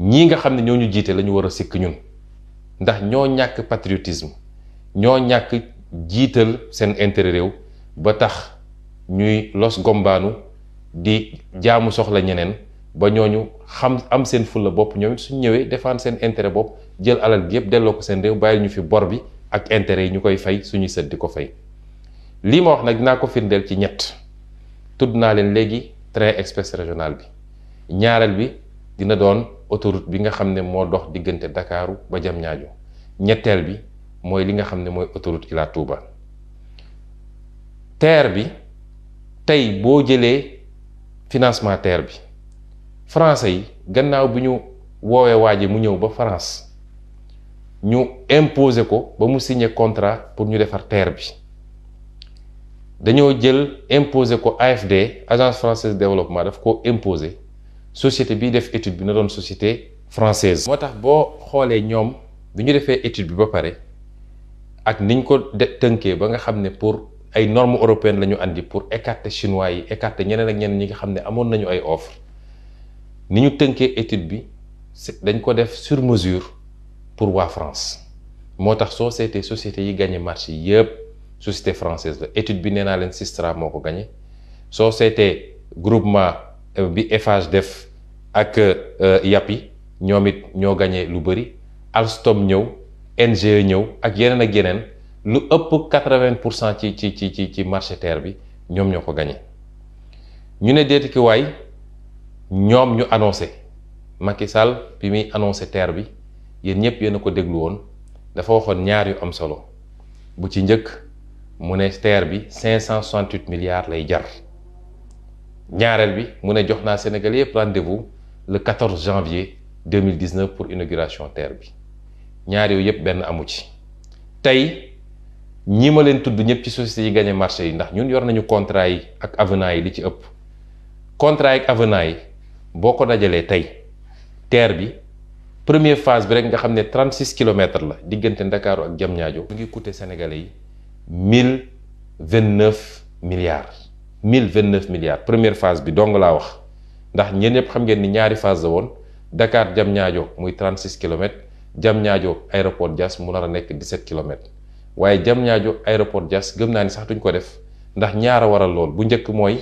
ñii nga xam ne ñoo ñu jiite la ñu war a sikk ñun ndax ñoo ñàkk patriotisme ñoo ñàkk jiital seen intére réew ba tax ñuy los gombaanu di jaamu soxla ñeneen ba ñoo ñu xam am seen fulla bopp ñoom it suñ ñëwee défendre seen intérêt bopp jël alal gi yëpp delloo ko seen réew bàyyil ñu fi bor bi ak intérêt yi ñu koy fay suñuy set di ko fay lii ma wax nag dinaa ko firndeel ci ñett tudd naa leen léegi train express régional bi ñaareel bi dina doon autoroute bi nga xam ne moo dox diggante Ndakaaru ba Diamniadio ñetteel bi mooy li nga xam ne mooy autoroute Ila Touba TER bi tey boo jëlee financement TER bi français yi gannaaw bi ñu woowee waaje mu ñëw ba France ñu imposer ko ba mu signer contrat pour ñu defar TER bi dañoo jël imposer ko AFD agence française de développement daf ko imposer société bi def étude bi na doon société française moo tax boo xoolee ñoom bi ñu defee étude bi ba pare ak niñ ko de tënkee ba nga xam ne pour ay normes européennes la ñu andi pour écarter chinois yi écarter ñeneen ak ñeneen ñi nga xam ne amoon nañu ay offre ni ñu tënkee étude bi dañ ko def sur mesure pour waa France moo tax soo seetee société yi gagné marché yëpp société française la étude bi nee naa leen Sistra moo ko gagné soo seetee groupement. Euh, bi Eiffage def ak euh, Yapi ñoom it ñoo gañee lu bëri Alstom ñëw ng ñëw ak yeneen ak yeneen lu ëpp quatre-vingts pour cent ci ci ci ci ci marché terre bi ñoom ñoo ko gañe ñu ne deeti ki waay ñoom ñu annoncé Macky Sall bi muy annoncé terre bi yéen ñëpp yéen a ko déglu woon dafa waxoon ñaar yu am solo bu ci njëkk mu ne terre bi cinq cent soixante-huit lay jar ñaareel bi mu ne jox naa Sénégal yëpp rendez-vous le 14 janvier 2019 pour inauguration terre bi ñaar yooyu yëpp benn amu ci tey ñi ma leen tudd ñëpp ci société yi gagné marché yi ndax ñun yor nañu contrat yi ak avenant yi li ci ëpp contrat yi ak avenant yi boo ko dajalee tey terre bi premier phase bi rek nga xam ne 36 kilomètres la diggante Ndakaaru ak Diamniadio mu ngi coûté Sénégalais yi 1029 milliards mille vingt neuf milliards première phase bi dong laa wax ndax ñeen ñëpp xam ngeen ni ñaari phase la woon Dakar jam ñaajoo muy trente six kilomètres jam ñaajoo aéroport Diass mu nar a nekk dix sept kilomètres waaye jam ñaajoo aéroport jas gëm naa ni sax duñ ko def ndax ñaara waral lool bu njëkk mooy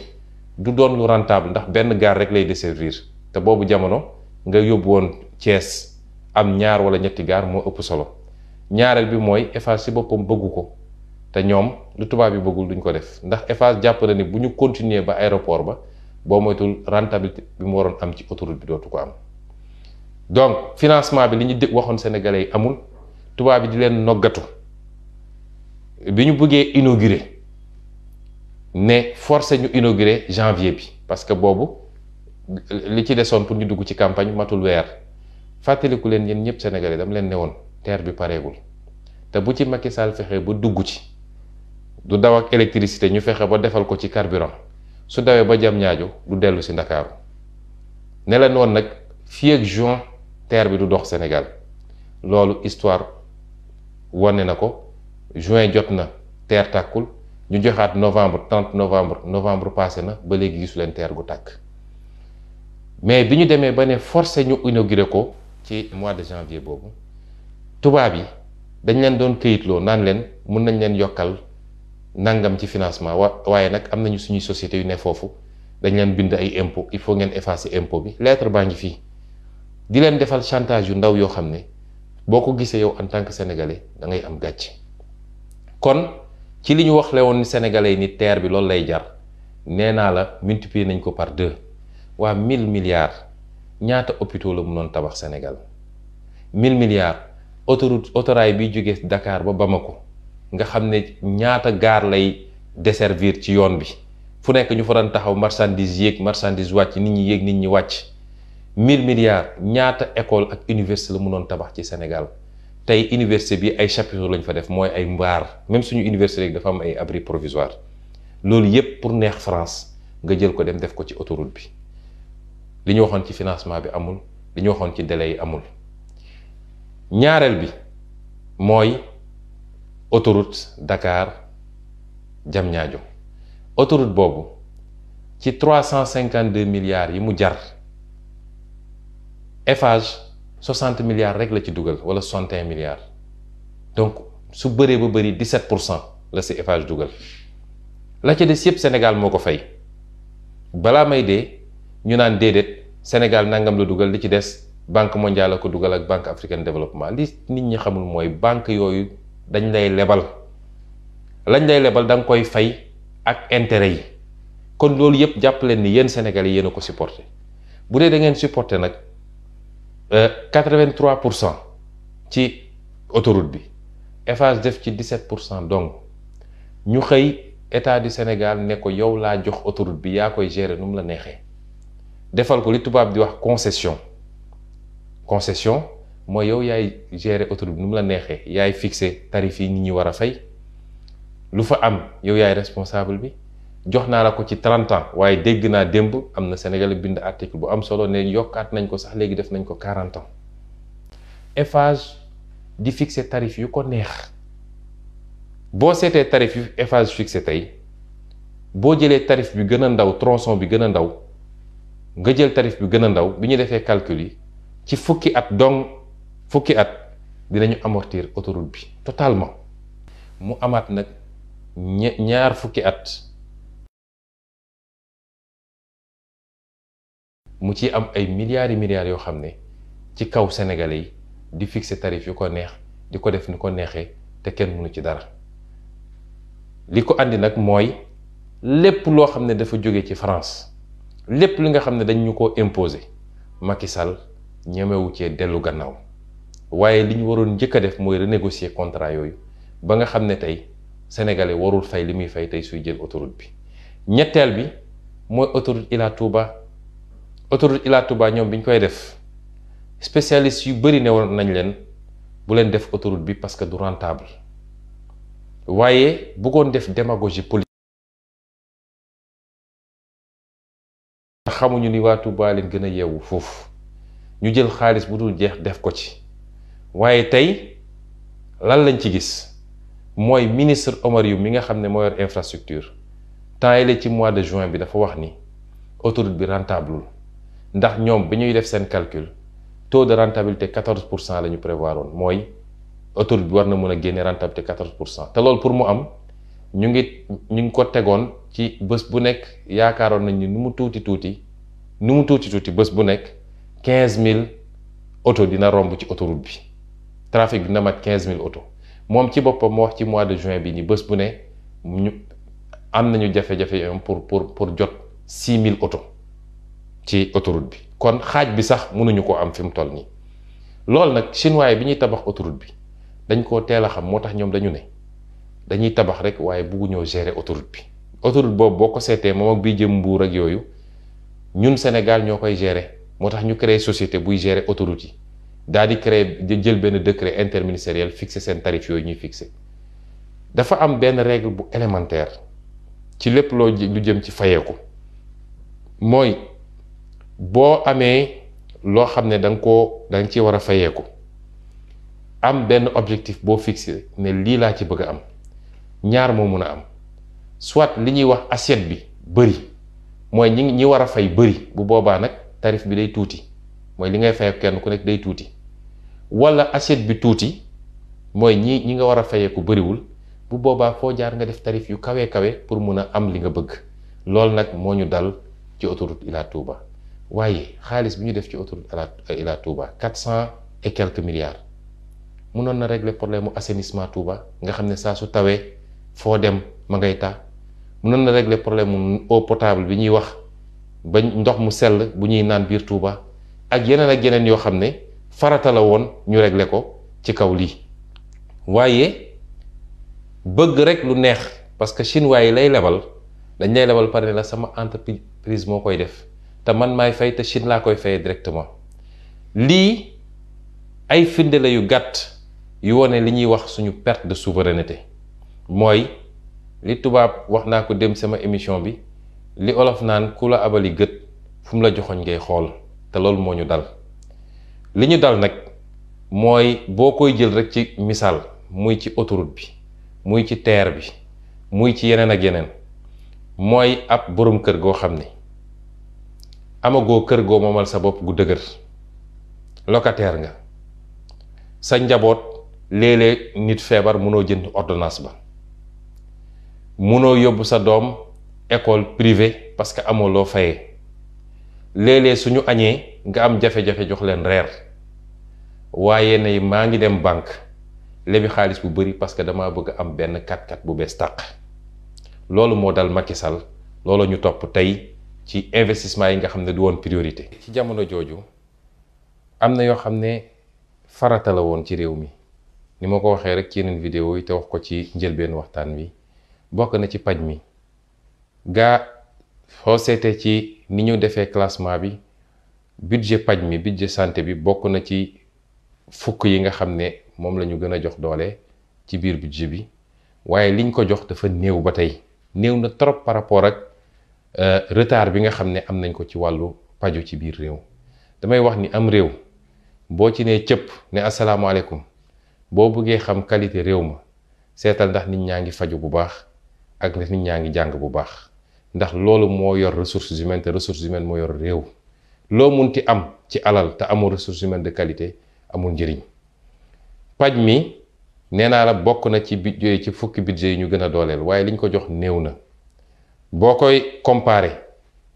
du doon lu rentable ndax benn gaar rek lay desservir te boobu jamono nga yóbbu woon Thiès am ñaar wala ñetti gaar moo ëpp solo ñaareel bi mooy Eiffage si boppam bëggu ko. te ñoom lu tubaab yi bëggul duñ ko def ndax Eiffage jàpp na ni bu ñu continuer ba aéroport ba boo moytul rentabilité bi mu waroon am ci autoroute bi dootu ko am donc financement bi li ñu dé waxoon sénégalais yi amul tubaab bi di leen noggatu bi ñu bëggee inaugurer ne forcé ñu inaugurer janvier bi parce que boobu li ci desoon pour ñu dugg ci campagne matul weer fàttaliku leen yéen ñëpp sénégalais dama leen ne woon terre bi pareegul te bu ci Macky Sall ba dugg ci. du daw ak électricité ñu fexe ba defal ko ci carburant su dawee ba jam ñaajo du dellu si ndakaaru ne leen woon nag fii juin terre bi du dox Sénégal loolu histoire wane na ko juin jot na terre tàkkul ñu joxaat novembre 30 novembre novembre passé na ba léegi gisu leen terre gu tàkk mais bi ñu demee ba ne forcé ñu inauguré ko ci mois de janvier boobu tubaab yi dañ leen doon këyitloo naan leen mun nañ leen yokkal nangam ci financement wa waaye nag am nañu suñuy société yu ne foofu dañu leen bind ay impôt il faut ngeen effacer impôt bi lettre baa ngi fii di leen defal chantage yu ndaw yoo xam ne boo ko gisee yow en tant que sénégalais da am gàcce kon ci li ñu wax le woon sénégalais ni terre bi loolu lay jar nee naa la multiplier nañ ko par deux waa mille milliards ñaata hôpitaux la mënoon tabax Sénégal mille milliards autoroute autorail bi jóge Dakar ba Bamako nga xam ne ñaata gaar lay deservir ci yoon bi fu nekk ñu fa daan taxaw marchandise yéeg marchandise wàcc nit ñi yéeg nit ñi wàcc mille milliards ñaata école ak université la mënoon tabax ci Sénégal tey université bi ay chapiteaux lañ fa def mooy ay mbaar même suñu université rek dafa am ay abri provisoire loolu yépp pour neex France nga jël ko dem def ko ci autoroute bi li ñu waxoon ci financement bi amul li ñu waxoon ci délai yi amul ñaareel bi mooy autoroute Dakar ñaajo autoroute boobu ci trois cent cinquante deux milliards yi mu jar Eiffage soixante milliards rek la ci dugal wala soixante et milliards donc su bëree ba bëri dix sept pour cent la si Eiffage dugal la ca des yëpp Sénégal moo ko fay balaa may dee ñu naan déedéet Sénégal nangam la dugal li ci des banque mondiale la ko dugal ak banque africaine développement li nit ñi xamul mooy banque yooyu. dañ lay lebal lañ lay lebal da nga koy fay ak intérêt yi kon loolu yëpp jàpp leen ni yéen sénégal yéen a ko supporté bu dee da ngeen supporté nag euh, quatre pour cent ci autoroute bi Eiffage def ci dix-sept pour cent donc ñu xëy état du Sénégal ne ko yow laa jox autoroute bi yaa koy gérer nu la neexee defal ko li tubaab di wax concession concession mooy yow yaay gérer autoroute bi nu mu la neexee yaay fixé tarif yi nit ñu war a fay lu fa am yow yaay responsable bi jox naa la ko ci 30 ans waaye dégg naa démb am na Sénégal bind article bu am solo ne yokkaat nañ ko sax léegi def nañ ko 40 ans di fixé tarif yu ko neex boo seetee tarif yu Eiffage fixé tey boo jëlee tarif bi gën a ndaw tronçon bi gën a ndaw nga jël tarif bi gën a ndaw bi ñu defee calcul yi ci fukki at dong fukki at dinañu amortir autoroute bi totalement mu amaat nag ñaar fukki at mu ci am ay milliards yi yoo xam ne ci kaw Sénégalais yi di fixer tarif yu ko neex di ko def ni ko neexee te kenn mënu ci dara li ko indi nag mooy lépp loo xam ne dafa jóge ci France lépp li nga xam ne dañ ko imposer makisal Sall ñemewu cee dellu gannaaw waaye li ñu waroon njëkk a def mooy renégocier contrat yooyu ba nga xam ne tey sénégalais warul fay li muy fay tey suy jël autoroute bi ñetteel bi mooy autoroute ilaa Touba autoroute Ila Touba ñoom bi ñu koy def spécialiste yu bëri ne woon nañ leen bu leen def autoroute bi parce que du rentable waaye bëggoon def démagogie politique xamuñu ni waa Touba leen gën a yeewu foofu ñu jël xaalis bu dul jeex def ko ci waaye tey lan lañ ci gis mooy ministre Omar Youm mi nga xam ne moo yor infrastructure temps yële ci mois de juin bi dafa wax ni autoroute bi rentable ndax ñoom bi ñuy def seen calcul taux de rentabilité 14 pour cent la ñu mooy autoroute bi war na mën a génne rentabilité 14 pour cent te lool pour mu am ñu ngi ñu ngi ko tegoon ci bés bu nekk yaakaaroon nañ ni nu mu tuuti tuuti nu mu tuuti tuuti bés bu nekk 15000 auto dina romb ci autoroute bi. trafic bi na mat quinze mille auto moom ci boppam moo wax ci mois de juin bi ni bés bu ne ñu am nañu jafe-jafe yooyu pour pour pour jot six mille auto ci autoroute bi kon xaaj bi sax mënuñu ko am fi mu toll nii loolu nag chinois yi bi ñuy tabax autorite bi dañ koo teel a xam moo tax ñoom dañu ne dañuy tabax rek waaye bugguñoo gérer autoroute bi autoroute boobu boo ko seetee moom ak bii jëm mbuur ak yooyu ñun Sénégal ñoo koy gérer moo tax ñu créer société buy gérer autoroute daal di créer jël benn décret interministériel fixé seen tarif yooyu ñuy fixé dafa am benn règle bu élémentaire ci lépp loo lu jëm ci fayeeku mooy boo amee loo xam ne da nga koo da nga ci war a fayeeku am benn objectif boo fixé ne lii laa ci bëgg a am ñaar moo mun a am soit li ñuy wax assiette bi bëri mooy ñi ñi war a fay bëri bu boobaa nag tarif bi day tuuti mooy li ngay fay kenn ku nekk day tuuti wala assiette bi tuuti mooy ñi ñi nga war a fayee ku bëriwul bu boobaa foo jaar nga def tarif yu kawee kawe pour mun a am li nga bëgg loolu nag moo ñu dal ci autoroute Ila Touba waaye xaalis bi ñu def ci autoroute Ila Touba quatre cent et quelques milliards munoon na régler problème mu assainissement Touba nga xam ne saa su tawee foo dem ma ngay taa munoon na régler problème mu eau potable bi ñuy wax ba ndox mu sell bu ñuy naan biir Touba ak yeneen ak yeneen yoo xam ne. farata woon ñu regle ko ci kaw lii waaye bëgg rek lu neex parce que chinois yi lay lebal dañ lay lebal pare ne la sama entreprise moo koy def te man maay fay te Chine laa koy fayee directement lii ay findele yu gàtt yu wone li ñuy wax suñu perte de souveraineté mooy li tubaab wax naa ko dem sama émission bi li olof naan ku la abali gët fu mu la joxoñ ngay xool te loolu moo ñu dal li ñu dal nag mooy boo koy jël rek ci misaal muy ci autoroute bi muy ci terre bi muy ci yeneen ak yeneen mooy ab boroom kër goo xam ni amagoo kër goo moomal sa bopp gu dëgër locataire nga sa njaboot léeg-léeg nit feebar mënoo jënd ordonnance ba mënoo yóbbu sa doom école privée parce que amoo loo fayee léeg-léeg suñu añee nga am jafe-jafe jox leen reer waaye nay maa ngi dem banque lebi xaalis bu bëri parce que damaa bëgg am benn kat-kat bu bees tàq loolu moo dal Macky Sall loolu ñu topp tey ci investissement yi nga xam ne du woon priorité. ci jamono jooju am na yoo xam ne farata la woon ci réew mi ni ma ko waxee rek ci yeneen vidéo yi te wax ko ci njëlbeen waxtaan wi bokk na ci paj mi gaa soo seetee ci ni ñu defee classement bi budget paj mi budget santé bi bokk na ci. fukk yi nga xam ne moom la ñu gën a jox doole ci biir budget bi waaye liñ ko jox dafa néew ba tey néew na trop par rapport ak euh, retard bi nga xam ne am nañ ko ci wàllu paju ci biir réew damay wax ni am réew boo ci nee cëpp ne asalaamaaleykum boo bëggee xam qualité réew ma seetal ndax nit ñaa ngi faju bu baax ak ndax nit ñaa ngi jàng bu baax ndax loolu moo yor ressources humaines te ressources humaines moo yor réew loo mun ti am ci alal te amul ressources humaines de qualité amul njëriñ paj mi nee naa la bokk na ci budget ci fukki budget yi ñu gën a dooleel waaye liñ ko jox néew na boo koy comparer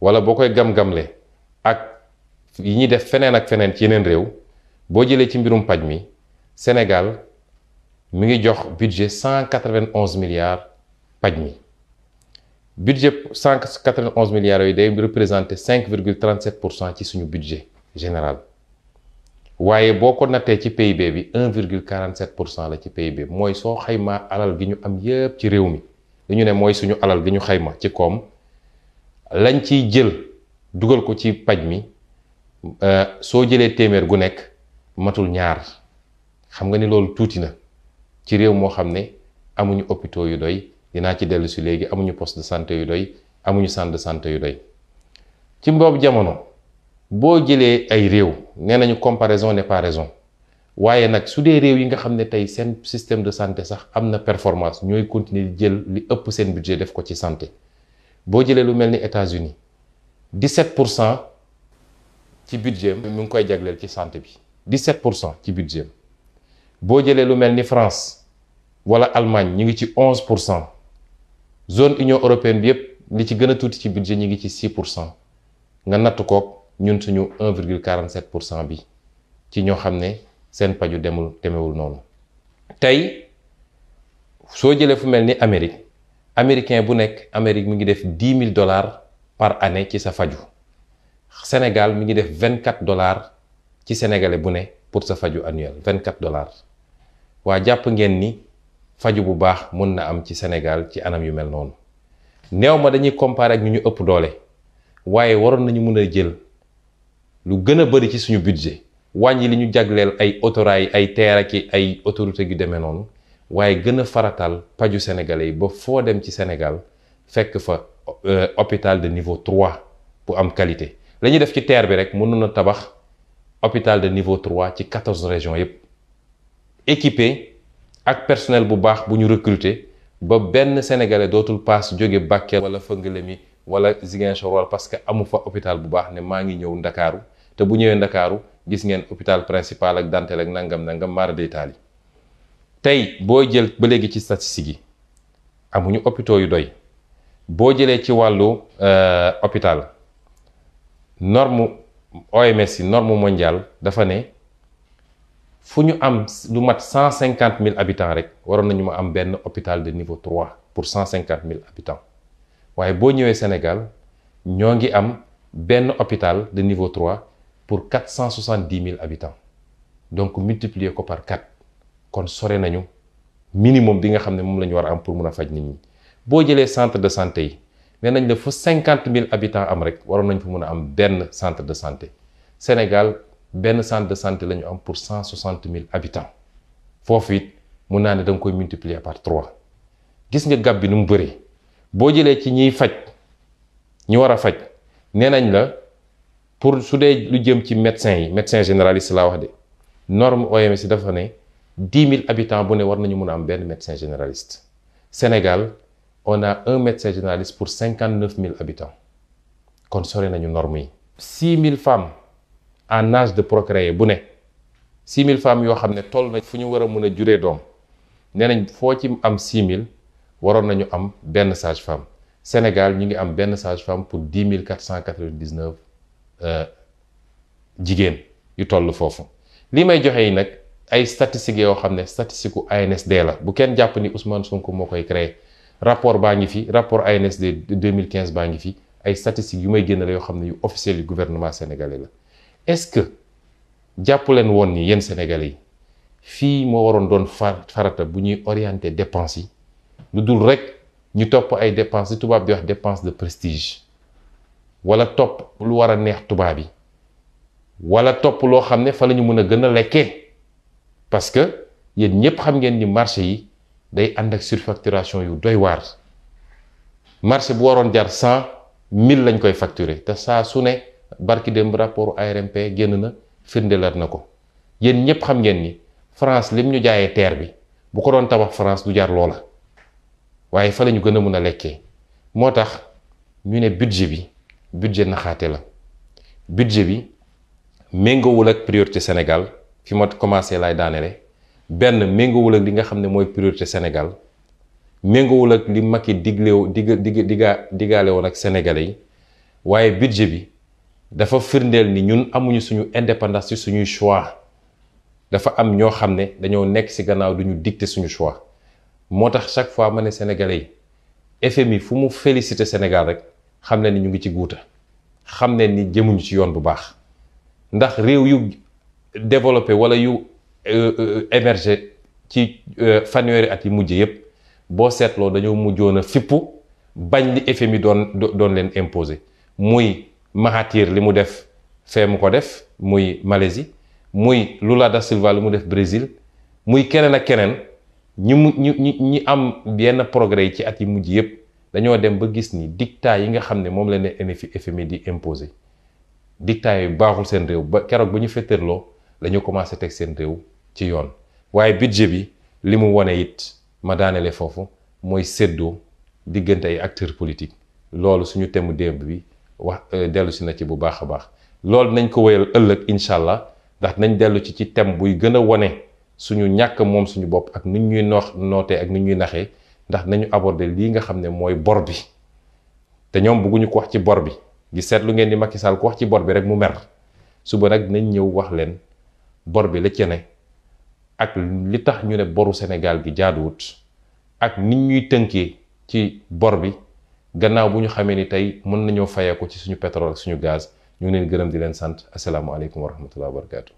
wala boo koy gam-gamle ak yi ñuy def feneen ak feneen ci yeneen réew boo jëlee ci mbirum paj mi Sénégal mu ngi jox budget cent quatre-vingt-onze milliards paj mi budget cent quatre-vingt-onze milliards yooyu day représenté cinq virgule trente-sept pour cent ci suñu budget général waaye boo ko nattee ci PIB bi 1,47 pour cent la ci bi mooy soo xaymaa alal gi ñu am yépp ci réew mi li ñu ne mooy suñu alal gi ñu xayma ci koom lañ ciy jël dugal ko ci paj mi euh, soo jëlee téeméer gu nekk matul ñaar xam nga ni loolu tuuti na ci réew moo xam ne amuñu hôpitaux yu doy dinaa ci dellu si léegi amuñu post de santé yu doy amuñu centre de santé yu doy ci mboobu jamono. boo jëlee ay réew nee nañu comparaison n'est pas waaye nag su dee réew yi nga xam ne tey seen système de santé sax am na performance ñooy continuer di jël li ëpp seen budget def ko ci santé boo jëlee lu mel ni États-Unis 17 pour cent ci budget mu ngi koy jagleel ci santé bi 17 pour cent ci budget boo jëlee lu mel ni France wala Allemagne ñu ngi ci 11 pour cent zone Union européenne bi yépp li ci gën a tuuti ci budget ñu ngi ci 6 pour cent nga natt kook ñun suñu 1,47 pour cent bi ci ñoo xam ne seen paju demul demewul noonu tey soo jëlee fu mel ni Amérique américain bu nekk Amérique mi ngi def 10 mille dollars par année ci sa faju Sénégal mi ngi def vingt 24 dollars ci sénégalais bu ne pour sa faju annuel 24 dollars waa jàpp ngeen ni faju bu baax mën na am ci Sénégal ci anam yu mel noonu néew ma dañuy comparer ñu ñu ëpp doole waaye waroon nañu mën a jël. lu gën a bëri ci suñu budget wàññi li ñu jagleel ay autorail ay TER ak ay autoroute yu demee noonu waaye gën a faratal paju sénégalais yi ba foo dem ci Sénégal fekk fa euh, hôpital de niveau 3 bu am qualité la ñuy def ci TER bi rek mënoon a tabax hôpital de niveau 3 ci 14 régions yépp équipé ak personnel bu baax bu ñu recruter ba benn sénégalais dootul paas jóge Bakel wala Fëngale mi wala Ziguinchor wala parce que amu fa hôpital bu baax ne maa ngi ñëw Ndakaaru te bu ñëwee ndakaaru gis ngeen hôpital principal ak Dantel ak nangam nangam mara day taali tey boo jël ba léegi ci statistiques yi amuñu hôpitaux yu doy boo jëlee ci wàllu euh, hôpital norme OMS yi norme mondiale dafa ne fu ñu am lu mat cent cinquante mille habitants rek waroon nañu ma am benn hôpital de niveau trois pour cent cinquante mille habitants waaye boo ñëwee senegal ñoo ngi am benn hôpital de niveau trois pour quatre cent soixante dix mille habitants donc multiplier ko par quatre kon sore nañu minimum bi nga xam ne moom la ñu war a am pour mun a faj nit ñi boo jëlee centre de santé yi nee nañ la fa mille habitants am rek waroon nañ fa mun a am benn centre de santé Sénégal benn centre de santé la ñu am pour cent soixante mille habitants foofu it mun naa ne da nga koy multiplier par trois gis nga gab bi nu mu bëree boo jëlee ci ñiy faj ñi war a faj nee nañ la. pour su dee lu jëm ci médecin yi médecin généraliste laa wax de norme OMS dafa ne dix mille habitants bu ne war nañu mun a am benn médecin généraliste Sénégal on a un médecin généraliste pour cinquante neuf mille habitants kon sore nañu norme yi. six mille femmes en nage de procréer bu ne six mille femmes yoo xam ne toll nañ fu ñu war a mun a juree doom nee nañ foo ci am six mille waroon nañu am benn sage femme Sénégal ñu ngi am benn sage femme pour dix mille quatre cent quatre-vingt-dix-neuf Euh, jigéen yu toll foofu lii may joxe yi nag ay statistiques yoo xam ne statistique u ANSD la bu kenn jàpp ni Ousmane Sonko moo koy créé rapport baa ngi fi rapport ANSD 2015 baa ngi fi ay statistiques yu may génne la yoo xam ne yu officiel yu gouvernement sénégalais la est-ce que jàpp leen woon ni yéen sénégalais yi fii moo waroon doon farata bu ñuy orienter dépenses yi lu dul rek ñu topp ay dépenses li tubaab di wax dépense de prestige wala topp lu war a neex tubaab yi wala topp loo xam ne fa la ñu mën a gën a lekkee parce que yéen ñépp xam ngeen ni marché yi day ànd ak surfacturation yu doy waar marché bu waroon jar cent mille lañ koy facture te saa su ne barki dem rapport ARMP génn na firndelar na ko yéen ñépp xam ngeen ni France lim ñu jaayee teer bi bu ko doon tabax France du jar loola waaye fa lañu gën a mën a lekkee moo tax ñu ne budget bi budget naxaate la budget bi méngowul ak priorité Sénégal fi ma commencé laay daanele benn méngowul ak li nga xam ne mooy priorité Sénégal méngowul ak li Macky diglew digga digg digga diggaale woon ak sénégalais yi waaye budget bi dafa firndeel ni ñun amuñu suñu indépendance ci suñuy choix dafa am ñoo xam ne dañoo nekk ci gannaaw duñu dicter suñu choix moo tax chaque fois ma ne sénégalais yi FMI fu mu féliciter Sénégal rek xam ne ni ñu ngi ci guuta xam ne ni jëmuñ ci yoon bu baax ndax réew yu développé wala yu euh, euh, émergé ci euh, fanweeri at yi mujj yëpp boo seetloo dañoo mujjoon a fippu bañ li FMI doon doon leen imposé muy mahatir li mu def fee mu ko def muy malesi muy Lula da Silva li mu def Brésil muy keneen ak keneen ñi mu ñi ñi am yenn progres yi ci at yi mujj yëpp dañoo dem ba gis ni dictat yi nga xam ne moom la ne FMI di imposé dictat yooyu baaxul seen réew ba keroog ba ñu féetarloo lañu ñu commencé teg seen réew ci yoon waaye budget bi li mu wane it ma daaneele foofu mooy séddoo diggante ay acteurs politiques loolu suñu temu démb bi wax euh, dellu si na ci bu baax a baax loolu nañ ko wéyal ëllëg incha allah ndax nañ dellu ci ci tem buy gën a wane suñu ñàkk moom suñu bopp ak nit ñuy noox nootee ak nit ñuy naxee ndax nañu aborder lii nga xam ne mooy bor bi te ñoom bëgguñu ko wax ci bor bi gi seetlu ngeen ni Macky Sall ko wax ci bor bi rek mu mer suba nag nañ ñëw wax leen bor bi la ca ne ak li tax ñu ne boru Sénégal gi jaaduwut ak nit ñuy tënkee ci bor bi gannaaw bu ñu xamee ni tey mën nañoo fayee ko ci suñu pétrole ak suñu gaz ñu ngi leen gërëm di leen sant asalaamualeykum wa rahmatulah wa barakaatu.